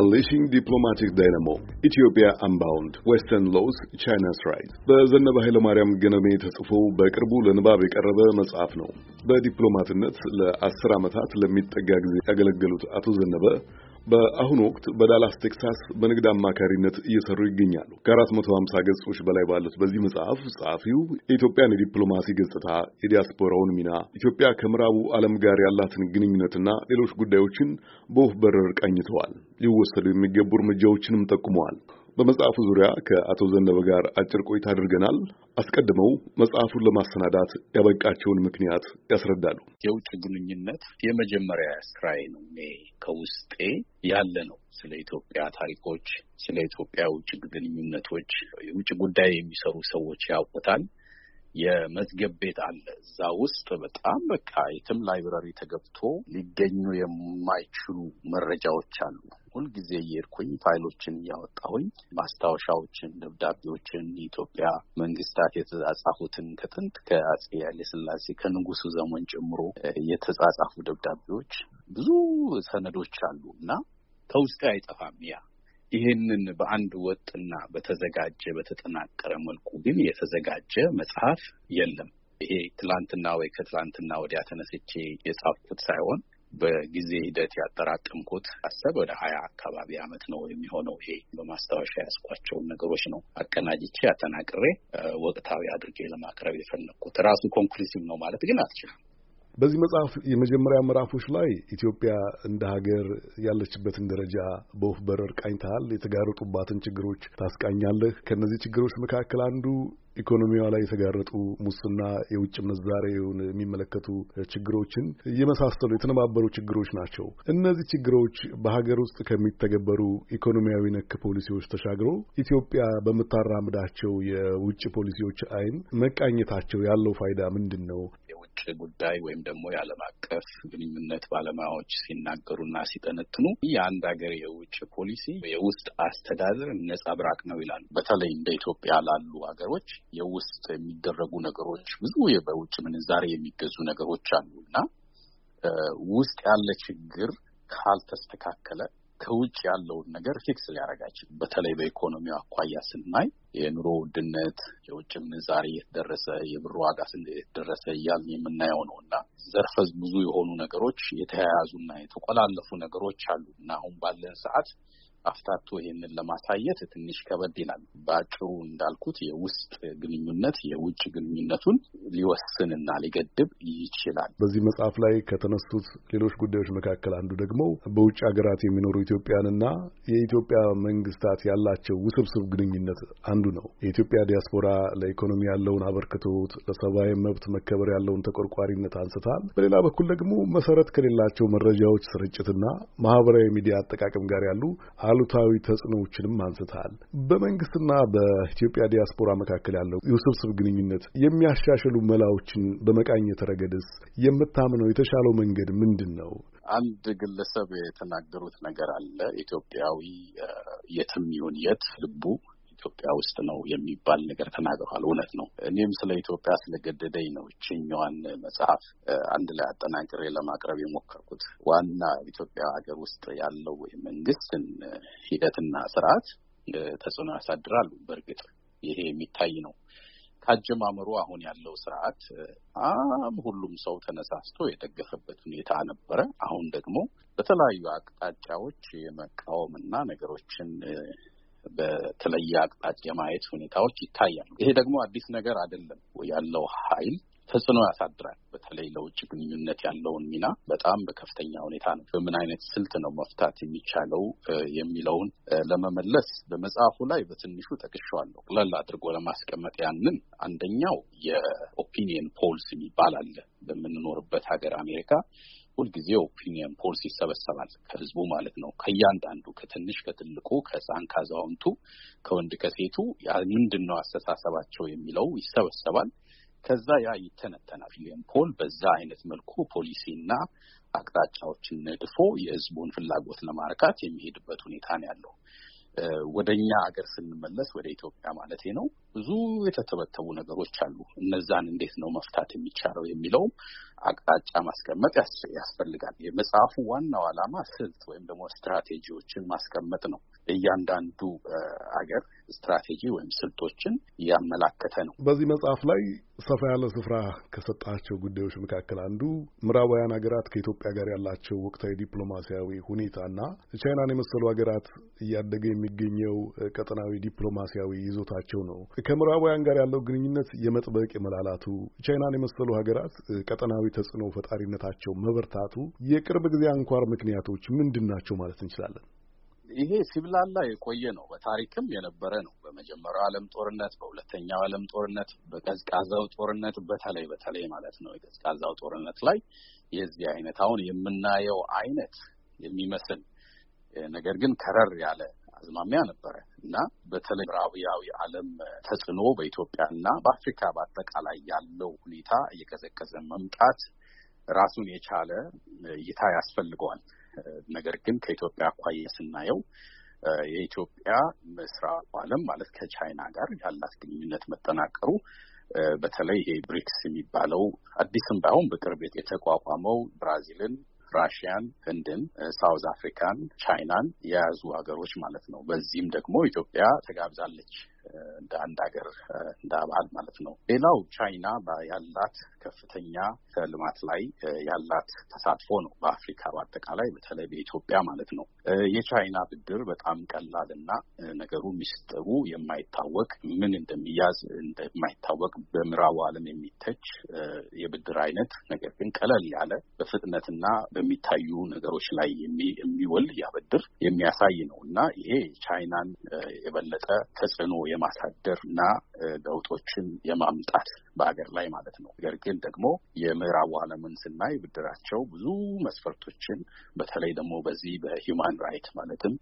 Unleashing Diplomatic Dynamo ኢትዮጵያ አምባውንድ ዌስተርን ሎስ ቻይናስ ራይት በዘነበ ኃይለማርያም ገነሜ ተጽፎ በቅርቡ ለንባብ የቀረበ መጽሐፍ ነው። በዲፕሎማትነት ለአስር ዓመታት ለሚጠጋ ጊዜ ያገለገሉት አቶ ዘነበ በአሁኑ ወቅት በዳላስ ቴክሳስ በንግድ አማካሪነት እየሰሩ ይገኛሉ። ከ450 ገጾች በላይ ባሉት በዚህ መጽሐፍ ጸሐፊው የኢትዮጵያን የዲፕሎማሲ ገጽታ፣ የዲያስፖራውን ሚና፣ ኢትዮጵያ ከምዕራቡ ዓለም ጋር ያላትን ግንኙነትና ሌሎች ጉዳዮችን በወፍ በረር ቃኝተዋል። ሊወሰዱ የሚገቡ እርምጃዎችንም ጠቁመዋል። በመጽሐፉ ዙሪያ ከአቶ ዘነበ ጋር አጭር ቆይታ አድርገናል። አስቀድመው መጽሐፉን ለማሰናዳት ያበቃቸውን ምክንያት ያስረዳሉ። የውጭ ግንኙነት የመጀመሪያ ስራዬ ነው። እኔ ከውስጤ ያለ ነው። ስለ ኢትዮጵያ ታሪኮች፣ ስለ ኢትዮጵያ ውጭ ግንኙነቶች የውጭ ጉዳይ የሚሰሩ ሰዎች ያውቁታል። የመዝገብ ቤት አለ። እዛ ውስጥ በጣም በቃ የትም ላይብራሪ ተገብቶ ሊገኙ የማይችሉ መረጃዎች አሉ። ሁልጊዜ እየሄድኩኝ ፋይሎችን እያወጣሁኝ ማስታወሻዎችን፣ ደብዳቤዎችን የኢትዮጵያ መንግስታት የተጻጻፉትን ከጥንት ከአጼ ኃይለሥላሴ ከንጉሱ ዘመን ጨምሮ የተጻጻፉ ደብዳቤዎች፣ ብዙ ሰነዶች አሉ እና ከውስጤ አይጠፋም ያ ይህንን በአንድ ወጥና በተዘጋጀ በተጠናቀረ መልኩ ግን የተዘጋጀ መጽሐፍ የለም። ይሄ ትላንትና ወይ ከትላንትና ወዲያ ተነስቼ የጻፍኩት ሳይሆን በጊዜ ሂደት ያጠራቀምኩት አሰብ ወደ ሀያ አካባቢ አመት ነው የሚሆነው። ይሄ በማስታወሻ ያስኳቸውን ነገሮች ነው አቀናጅቼ አጠናቅሬ ወቅታዊ አድርጌ ለማቅረብ የፈለግኩት። ራሱ ኮንክሉሲቭ ነው ማለት ግን አትችልም። በዚህ መጽሐፍ የመጀመሪያ ምዕራፎች ላይ ኢትዮጵያ እንደ ሀገር ያለችበትን ደረጃ በወፍ በረር ቃኝተሃል። የተጋረጡባትን ችግሮች ታስቃኛለህ። ከእነዚህ ችግሮች መካከል አንዱ ኢኮኖሚዋ ላይ የተጋረጡ ሙስና፣ የውጭ ምንዛሬውን የሚመለከቱ ችግሮችን የመሳሰሉ የተነባበሩ ችግሮች ናቸው። እነዚህ ችግሮች በሀገር ውስጥ ከሚተገበሩ ኢኮኖሚያዊ ነክ ፖሊሲዎች ተሻግሮ ኢትዮጵያ በምታራምዳቸው የውጭ ፖሊሲዎች አይን መቃኘታቸው ያለው ፋይዳ ምንድን ነው? የውጭ ጉዳይ ወይም ደግሞ የዓለም አቀፍ ግንኙነት ባለሙያዎች ሲናገሩና ሲጠነጥኑ የአንድ ሀገር የውጭ ፖሊሲ የውስጥ አስተዳደር ነጸብራቅ ነው ይላሉ። በተለይ እንደ ኢትዮጵያ ላሉ ሀገሮች የውስጥ የሚደረጉ ነገሮች ብዙ በውጭ ምንዛሬ የሚገዙ ነገሮች አሉ እና ውስጥ ያለ ችግር ካልተስተካከለ ከውጭ ያለውን ነገር ፊክስ ሊያደርግ በተለይ በኢኮኖሚው አኳያ ስናይ የኑሮ ውድነት፣ የውጭ ምንዛሬ የተደረሰ የብር ዋጋ የተደረሰ እያልን የምናየው ነው እና ዘርፈ ብዙ የሆኑ ነገሮች የተያያዙና የተቆላለፉ ነገሮች አሉ እና አሁን ባለን ሰዓት አፍታቶ ይሄንን ለማሳየት ትንሽ ከበድ ይላል። በአጭሩ እንዳልኩት የውስጥ ግንኙነት የውጭ ግንኙነቱን ሊወስንና ሊገድብ ይችላል። በዚህ መጽሐፍ ላይ ከተነሱት ሌሎች ጉዳዮች መካከል አንዱ ደግሞ በውጭ ሀገራት የሚኖሩ ኢትዮጵያንና የኢትዮጵያ መንግስታት ያላቸው ውስብስብ ግንኙነት አንዱ ነው። የኢትዮጵያ ዲያስፖራ ለኢኮኖሚ ያለውን አበርክቶት፣ ለሰብአዊ መብት መከበር ያለውን ተቆርቋሪነት አንስታል። በሌላ በኩል ደግሞ መሰረት ከሌላቸው መረጃዎች ስርጭትና ማህበራዊ ሚዲያ አጠቃቀም ጋር ያሉ አሉታዊ ተጽዕኖዎችንም አንስተሃል። በመንግስትና በኢትዮጵያ ዲያስፖራ መካከል ያለው የውስብስብ ግንኙነት የሚያሻሽሉ መላዎችን በመቃኘት ረገድስ የምታምነው የተሻለው መንገድ ምንድን ነው? አንድ ግለሰብ የተናገሩት ነገር አለ። ኢትዮጵያዊ የትም ይሁን የት ልቡ ኢትዮጵያ ውስጥ ነው የሚባል ነገር ተናግረዋል። እውነት ነው። እኔም ስለ ኢትዮጵያ ስለገደደኝ ነው ይችኛዋን መጽሐፍ አንድ ላይ አጠናቅሬ ለማቅረብ የሞከርኩት። ዋና ኢትዮጵያ ሀገር ውስጥ ያለው መንግስትን ሂደትና ስርዓት ተጽዕኖ ያሳድራሉ። በእርግጥ ይሄ የሚታይ ነው። ካጀማመሩ አሁን ያለው ስርዓት በጣም ሁሉም ሰው ተነሳስቶ የደገፈበት ሁኔታ ነበረ። አሁን ደግሞ በተለያዩ አቅጣጫዎች የመቃወምና ነገሮችን በተለየ አቅጣጫ የማየት ሁኔታዎች ይታያሉ። ይሄ ደግሞ አዲስ ነገር አይደለም። ያለው ኃይል ተጽዕኖ ያሳድራል። በተለይ ለውጭ ግንኙነት ያለውን ሚና በጣም በከፍተኛ ሁኔታ ነው። በምን አይነት ስልት ነው መፍታት የሚቻለው የሚለውን ለመመለስ በመጽሐፉ ላይ በትንሹ ጠቅሼዋለሁ። ቅለል አድርጎ ለማስቀመጥ ያንን አንደኛው የኦፒኒየን ፖልስ የሚባል አለ። በምንኖርበት ሀገር አሜሪካ ሁልጊዜ ኦፒኒየን ፖልስ ይሰበሰባል ከህዝቡ ማለት ነው። ከእያንዳንዱ ከትንሽ ከትልቁ፣ ከህፃን ካዛውንቱ፣ ከወንድ ከሴቱ ምንድን ነው አስተሳሰባቸው የሚለው ይሰበሰባል። ከዛ ያ ይተነተናል። ኦፒኒየን ፖል በዛ አይነት መልኩ ፖሊሲና አቅጣጫዎችን ነድፎ የህዝቡን ፍላጎት ለማርካት የሚሄድበት ሁኔታ ነው ያለው። ወደ እኛ ሀገር ስንመለስ ወደ ኢትዮጵያ ማለት ነው ብዙ የተተበተቡ ነገሮች አሉ። እነዛን እንዴት ነው መፍታት የሚቻለው የሚለውም አቅጣጫ ማስቀመጥ ያስፈልጋል። የመጽሐፉ ዋናው ዓላማ ስልት ወይም ደግሞ ስትራቴጂዎችን ማስቀመጥ ነው። እያንዳንዱ አገር ስትራቴጂ ወይም ስልቶችን እያመላከተ ነው። በዚህ መጽሐፍ ላይ ሰፋ ያለ ስፍራ ከሰጣቸው ጉዳዮች መካከል አንዱ ምዕራባውያን ሀገራት ከኢትዮጵያ ጋር ያላቸው ወቅታዊ ዲፕሎማሲያዊ ሁኔታና ቻይናን የመሰሉ ሀገራት እያደገ የሚገኘው ቀጠናዊ ዲፕሎማሲያዊ ይዞታቸው ነው። ከምዕራባውያን ጋር ያለው ግንኙነት የመጥበቅ የመላላቱ፣ ቻይናን የመሰሉ ሀገራት ቀጠናዊ ተጽዕኖ ፈጣሪነታቸው መበርታቱ የቅርብ ጊዜ አንኳር ምክንያቶች ምንድን ናቸው ማለት እንችላለን? ይሄ ሲብላላ የቆየ ነው። በታሪክም የነበረ ነው። በመጀመሪያው ዓለም ጦርነት፣ በሁለተኛው ዓለም ጦርነት፣ በቀዝቃዛው ጦርነት በተለይ በተለይ ማለት ነው የቀዝቃዛው ጦርነት ላይ የዚህ አይነት አሁን የምናየው አይነት የሚመስል ነገር ግን ከረር ያለ አዝማሚያ ነበረ እና በተለይ ምዕራባዊ ዓለም ተጽዕኖ በኢትዮጵያና በአፍሪካ በአጠቃላይ ያለው ሁኔታ እየቀዘቀዘ መምጣት ራሱን የቻለ እይታ ያስፈልገዋል። ነገር ግን ከኢትዮጵያ አኳያ ስናየው የኢትዮጵያ ምስራቅ ዓለም ማለት ከቻይና ጋር ያላት ግንኙነት መጠናቀሩ በተለይ ይሄ ብሪክስ የሚባለው አዲስም ባይሆን በቅርብ የተቋቋመው ብራዚልን፣ ራሽያን፣ ህንድን፣ ሳውዝ አፍሪካን፣ ቻይናን የያዙ ሀገሮች ማለት ነው። በዚህም ደግሞ ኢትዮጵያ ተጋብዛለች እንደ አንድ ሀገር እንደ አባል ማለት ነው። ሌላው ቻይና ያላት ከፍተኛ ከልማት ላይ ያላት ተሳትፎ ነው። በአፍሪካ በአጠቃላይ በተለይ በኢትዮጵያ ማለት ነው። የቻይና ብድር በጣም ቀላል እና ነገሩ ሚስጥሩ የማይታወቅ ምን እንደሚያዝ እንደማይታወቅ በምዕራቡ ዓለም የሚተች የብድር አይነት ነገር ግን ቀለል ያለ በፍጥነትና በሚታዩ ነገሮች ላይ የሚውል ያበድር የሚያሳይ ነው እና ይሄ ቻይናን የበለጠ ተጽዕኖ የማሳደር እና ለውጦችን የማምጣት በሀገር ላይ ማለት ነው። ነገር ግን ደግሞ የምዕራቡ ዓለምን ስናይ ብድራቸው ብዙ መስፈርቶችን በተለይ ደግሞ በዚህ በሂውማን ራይት ማለትም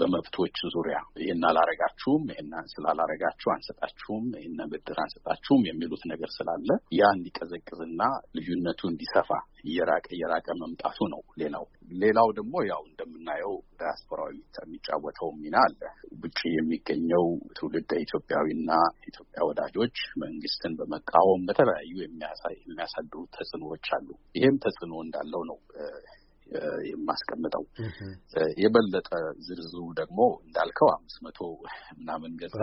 በመብቶች ዙሪያ ይህን አላረጋችሁም፣ ይህን ስላላረጋችሁ አንሰጣችሁም፣ ይህን ብድር አንሰጣችሁም የሚሉት ነገር ስላለ ያ እንዲቀዘቅዝና ልዩነቱ እንዲሰፋ እየራቀ እየራቀ መምጣቱ ነው። ሌላው ሌላው ደግሞ ያው እንደምናየው ዳያስፖራው የሚጫወተው ሚና አለ። ውጭ የሚገኘው ትውልድ ኢትዮጵያዊና ኢትዮጵያ ወዳጆች መንግስትን በመቃወም በተለያዩ የሚያሳድሩ ተጽዕኖዎች አሉ። ይህም ተጽዕኖ እንዳለው ነው የማስቀምጠው። የበለጠ ዝርዝሩ ደግሞ እንዳልከው አምስት መቶ ምናምን ገጽ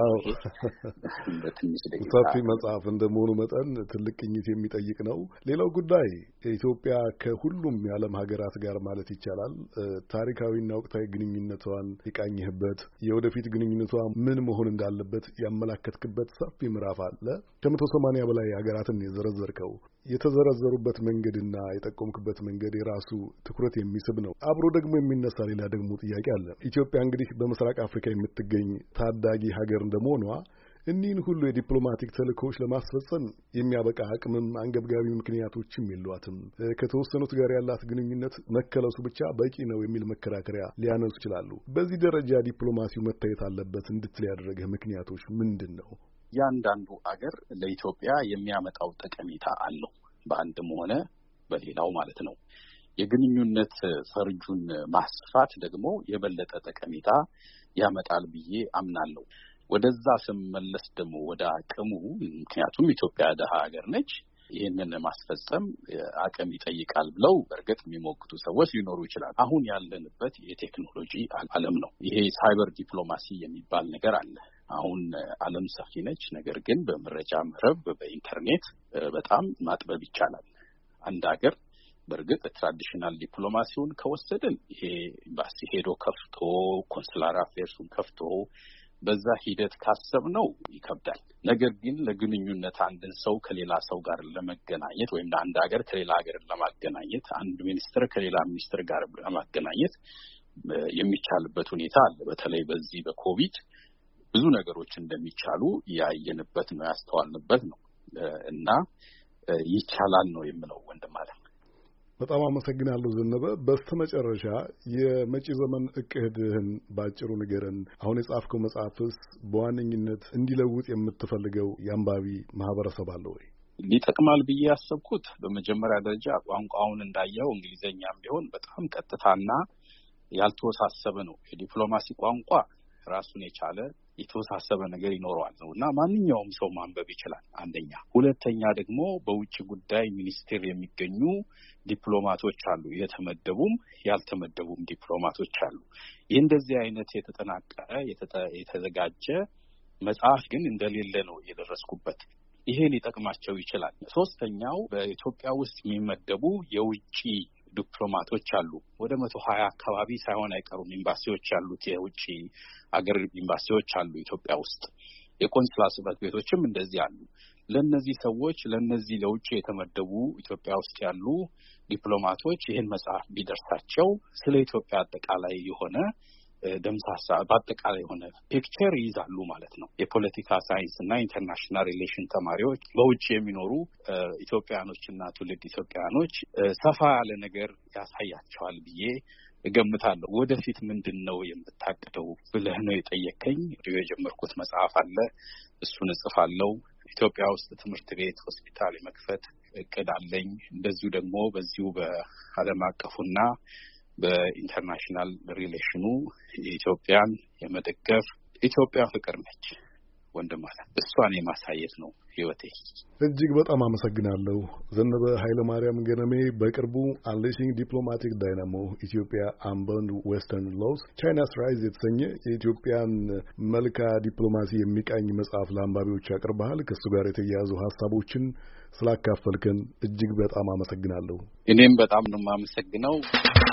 ሰፊ መጽሐፍ እንደመሆኑ መጠን ትልቅ ቅኝት የሚጠይቅ ነው። ሌላው ጉዳይ ኢትዮጵያ ከሁሉም የዓለም ሀገራት ጋር ማለት ይቻላል ታሪካዊና ወቅታዊ ግንኙነቷን የቃኘህበት የወደፊት ግንኙነቷ ምን መሆን እንዳለበት ያመላከትክበት ሰፊ ምዕራፍ አለ። ከመቶ ሰማንያ በላይ ሀገራትን የዘረዘርከው የተዘረዘሩበት መንገድና የጠቆምክበት መንገድ የራሱ ትኩረት የሚስብ ነው። አብሮ ደግሞ የሚነሳ ሌላ ደግሞ ጥያቄ አለ። ኢትዮጵያ እንግዲህ በምስራቅ አፍሪካ የምትገኝ ታዳጊ ሀገር እንደመሆኗ እኒህን ሁሉ የዲፕሎማቲክ ተልእኮዎች ለማስፈጸም የሚያበቃ አቅምም አንገብጋቢ ምክንያቶችም የሏትም። ከተወሰኑት ጋር ያላት ግንኙነት መከለሱ ብቻ በቂ ነው የሚል መከራከሪያ ሊያነሱ ይችላሉ። በዚህ ደረጃ ዲፕሎማሲው መታየት አለበት እንድትል ያደረገህ ምክንያቶች ምንድን ነው? ያንዳንዱ አገር ለኢትዮጵያ የሚያመጣው ጠቀሜታ አለው። በአንድም ሆነ በሌላው ማለት ነው። የግንኙነት ፈርጁን ማስፋት ደግሞ የበለጠ ጠቀሜታ ያመጣል ብዬ አምናለሁ። ወደዛ ስመለስ ደግሞ ወደ አቅሙ፣ ምክንያቱም ኢትዮጵያ ድሃ ሀገር ነች፣ ይህንን ማስፈጸም አቅም ይጠይቃል ብለው በእርግጥ የሚሞግቱ ሰዎች ሊኖሩ ይችላል። አሁን ያለንበት የቴክኖሎጂ ዓለም ነው። ይሄ ሳይበር ዲፕሎማሲ የሚባል ነገር አለ። አሁን ዓለም ሰፊ ነች። ነገር ግን በመረጃ መረብ በኢንተርኔት በጣም ማጥበብ ይቻላል። አንድ ሀገር በእርግጥ ትራዲሽናል ዲፕሎማሲውን ከወሰድን ይሄ ኤምባሲ ሄዶ ከፍቶ ኮንስላር አፌርሱን ከፍቶ በዛ ሂደት ካሰብ ነው ይከብዳል። ነገር ግን ለግንኙነት አንድን ሰው ከሌላ ሰው ጋር ለመገናኘት ወይም ለአንድ ሀገር ከሌላ ሀገር ለማገናኘት አንድ ሚኒስትር ከሌላ ሚኒስትር ጋር ለማገናኘት የሚቻልበት ሁኔታ አለ። በተለይ በዚህ በኮቪድ ብዙ ነገሮች እንደሚቻሉ ያየንበት ነው ያስተዋልንበት ነው እና ይቻላል ነው የምለው ወንድም ማለት በጣም አመሰግናለሁ ዘነበ። በስተመጨረሻ የመጪ ዘመን እቅድህን በአጭሩ ንገረን። አሁን የጻፍከው መጽሐፍስ በዋነኝነት እንዲለውጥ የምትፈልገው የአንባቢ ማህበረሰብ አለ ወይ? ሊጠቅማል ብዬ ያሰብኩት በመጀመሪያ ደረጃ ቋንቋውን እንዳየው እንግሊዘኛም ቢሆን በጣም ቀጥታና ያልተወሳሰበ ነው። የዲፕሎማሲ ቋንቋ ራሱን የቻለ የተወሳሰበ ነገር ይኖረዋል ነው እና ማንኛውም ሰው ማንበብ ይችላል። አንደኛ። ሁለተኛ ደግሞ በውጭ ጉዳይ ሚኒስቴር የሚገኙ ዲፕሎማቶች አሉ። የተመደቡም ያልተመደቡም ዲፕሎማቶች አሉ። ይህ እንደዚህ አይነት የተጠናቀረ የተዘጋጀ መጽሐፍ ግን እንደሌለ ነው እየደረስኩበት ይሄ ሊጠቅማቸው ይችላል። ሶስተኛው በኢትዮጵያ ውስጥ የሚመደቡ የውጭ ዲፕሎማቶች አሉ። ወደ መቶ ሀያ አካባቢ ሳይሆን አይቀሩም ኤምባሲዎች ያሉት የውጭ አገር ኤምባሲዎች አሉ ኢትዮጵያ ውስጥ። የቆንስላ ጽሕፈት ቤቶችም እንደዚህ አሉ። ለእነዚህ ሰዎች ለእነዚህ ለውጭ የተመደቡ ኢትዮጵያ ውስጥ ያሉ ዲፕሎማቶች ይህን መጽሐፍ ቢደርሳቸው ስለ ኢትዮጵያ አጠቃላይ የሆነ ደምሳሳ በአጠቃላይ የሆነ ፒክቸር ይይዛሉ ማለት ነው። የፖለቲካ ሳይንስ እና ኢንተርናሽናል ሪሌሽን ተማሪዎች በውጭ የሚኖሩ ኢትዮጵያኖች እና ትውልድ ኢትዮጵያኖች ሰፋ ያለ ነገር ያሳያቸዋል ብዬ እገምታለሁ። ወደፊት ምንድን ነው የምታቅደው ብለህ ነው የጠየከኝ። የጀመርኩት መጽሐፍ አለ፣ እሱን እጽፋለሁ። ኢትዮጵያ ውስጥ ትምህርት ቤት፣ ሆስፒታል የመክፈት እቅድ አለኝ። እንደዚሁ ደግሞ በዚሁ በዓለም አቀፉና በኢንተርናሽናል ሪሌሽኑ ኢትዮጵያን የመደገፍ ኢትዮጵያ ፍቅር ነች ወንድም እሷን የማሳየት ነው ህይወቴ። እጅግ በጣም አመሰግናለሁ ዘነበ ኃይለ ማርያም ገነሜ። በቅርቡ አንሌሽንግ ዲፕሎማቲክ ዳይናሞ ኢትዮጵያ አምበንድ ዌስተርን ሎስ ቻይናስ ራይዝ የተሰኘ የኢትዮጵያን መልካ ዲፕሎማሲ የሚቃኝ መጽሐፍ ለአንባቢዎች ያቅርበሃል። ከእሱ ጋር የተያያዙ ሀሳቦችን ስላካፈልክን እጅግ በጣም አመሰግናለሁ። እኔም በጣም ነው የማመሰግነው።